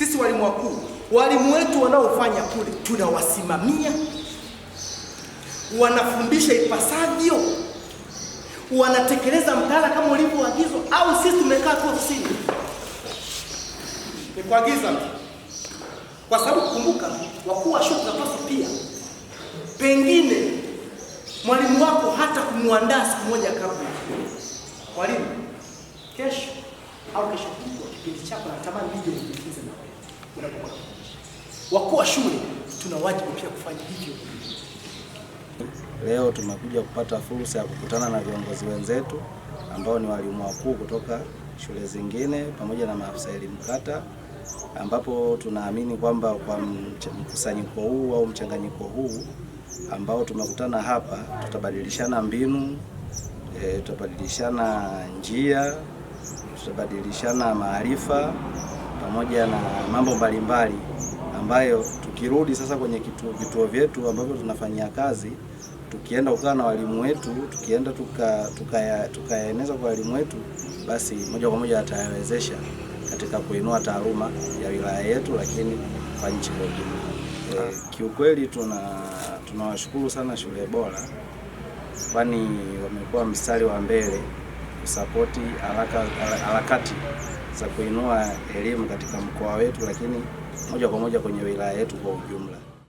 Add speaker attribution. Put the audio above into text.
Speaker 1: Sisi walimu wakuu, walimu wetu wanaofanya kule tunawasimamia, wanafundisha ipasavyo, wanatekeleza mtaala kama ulivyoagizwa, au sisi tumekaa tu ofisini? Ni kuagiza kwa sababu kukumbuka, wakuu wa shule tunapaswa pia, pengine mwalimu wako hata kumwandaa siku moja kabla, mwalimu, kesho au kesho kutwa kipindi chako natamani nije unapokuwa Wakuu wa shule, tuna wajibu pia kufanya hivyo.
Speaker 2: Leo tumekuja kupata fursa ya kukutana na viongozi wenzetu ambao ni walimu wakuu kutoka shule zingine pamoja na maafisa elimu kata, ambapo tunaamini kwamba kwa mkusanyiko huu au mchanganyiko huu ambao tumekutana hapa, tutabadilishana mbinu e, tutabadilishana njia, tutabadilishana maarifa pamoja na mambo mbalimbali ambayo tukirudi sasa kwenye kituo, vituo vyetu ambavyo tunafanyia kazi, tukienda kukaa na walimu wetu, tukienda tukayaeneza tuka, tuka, kwa walimu wetu, basi moja kwa moja atayawezesha katika kuinua taaluma ya wilaya yetu, lakini kwa nchi kwa ujumla. E, kiukweli tunawashukuru sana Shule Bora, kwani wamekuwa mstari wa mbele kusapoti harakati za kuinua elimu katika mkoa wetu, lakini moja kwa moja kwenye wilaya yetu kwa ujumla.